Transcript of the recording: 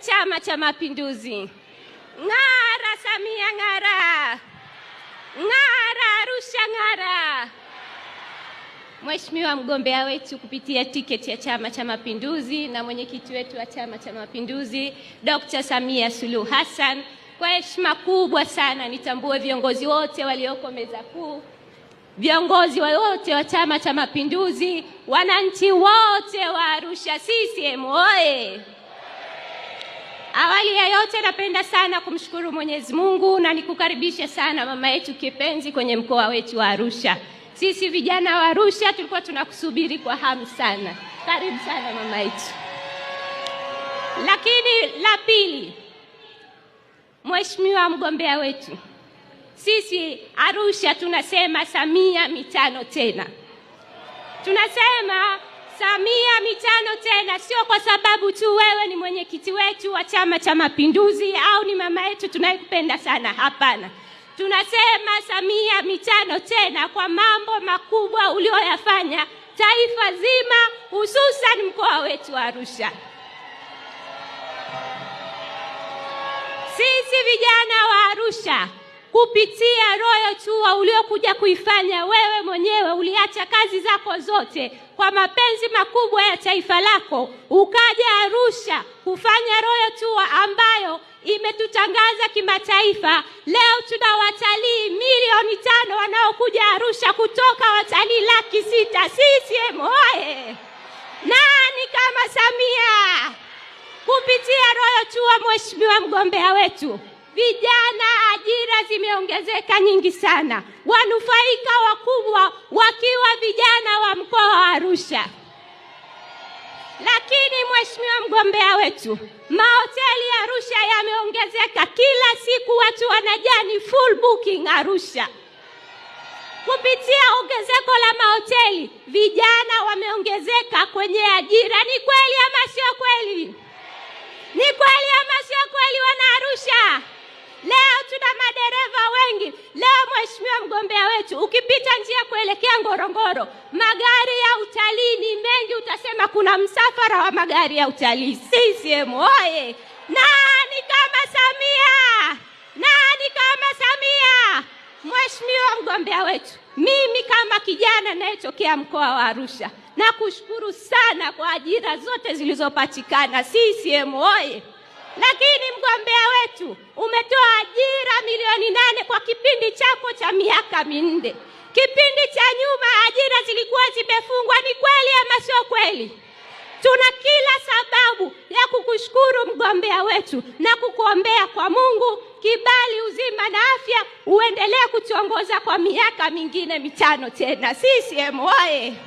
Chama cha Mapinduzi! Ng'ara Samia, ng'ara! Ng'ara Arusha, ng'ara! Mheshimiwa mgombea wetu kupitia tiketi ya Chama cha Mapinduzi na mwenyekiti wetu wa Chama cha Mapinduzi Dr. Samia Suluhu Hassan, kwa heshima kubwa sana nitambue viongozi wote walioko meza kuu, viongozi wote wa Chama cha Mapinduzi, wananchi wote wa Arusha CCM Awali ya yote napenda sana kumshukuru Mwenyezi Mungu na nikukaribisha sana mama yetu kipenzi kwenye mkoa wetu wa Arusha. Sisi vijana wa Arusha tulikuwa tunakusubiri kwa hamu sana. Karibu sana mama yetu. Lakini la pili, Mheshimiwa mgombea wetu, sisi Arusha tunasema Samia mitano tena, tunasema Samia mitano tena, sio kwa sababu tu wewe ni mwenyekiti wetu wa Chama cha Mapinduzi au ni mama yetu tunayekupenda sana. Hapana, tunasema Samia mitano tena kwa mambo makubwa ulioyafanya taifa zima, hususan mkoa wetu wa Arusha. Sisi vijana wa Arusha kupitia Royal Tour uliokuja kuifanya wewe mwenyewe. Uliacha kazi zako zote kwa mapenzi makubwa ya taifa lako, ukaja Arusha kufanya Royal Tour ambayo imetutangaza kimataifa. Leo tuna watalii milioni tano wanaokuja Arusha kutoka watalii laki sita. CCM oye! Nani kama Samia kupitia Royal Tour, mheshimiwa mgombea wetu vijana ajira zimeongezeka nyingi sana, wanufaika wakubwa wakiwa vijana wa mkoa wa Arusha. Lakini mheshimiwa mgombea wetu, mahoteli ya Arusha yameongezeka, kila siku watu wanajani full booking Arusha. Kupitia ongezeko la mahoteli, vijana wameongezeka kwenye ajira. Ni kweli ama sio kweli? Ni kweli ama sio kweli, wana Arusha? Mheshimiwa mgombea wetu, ukipita njia kuelekea Ngorongoro, magari ya utalii ni mengi, utasema kuna msafara wa magari ya utalii. CCM oye! Nani kama Samia? Nani kama Samia? Mheshimiwa mgombea wetu, mimi kama kijana nayetokea mkoa wa Arusha nakushukuru sana kwa ajira zote zilizopatikana. CCM oye! lakini mgombea wetu umetoa ajira milioni nane kwa kipindi chako cha miaka minne. Kipindi cha nyuma ajira zilikuwa zimefungwa, ni kweli ama sio kweli? Tuna kila sababu ya kukushukuru mgombea wetu na kukuombea kwa Mungu kibali, uzima na afya, uendelee kutuongoza kwa miaka mingine mitano tena. CCM oye!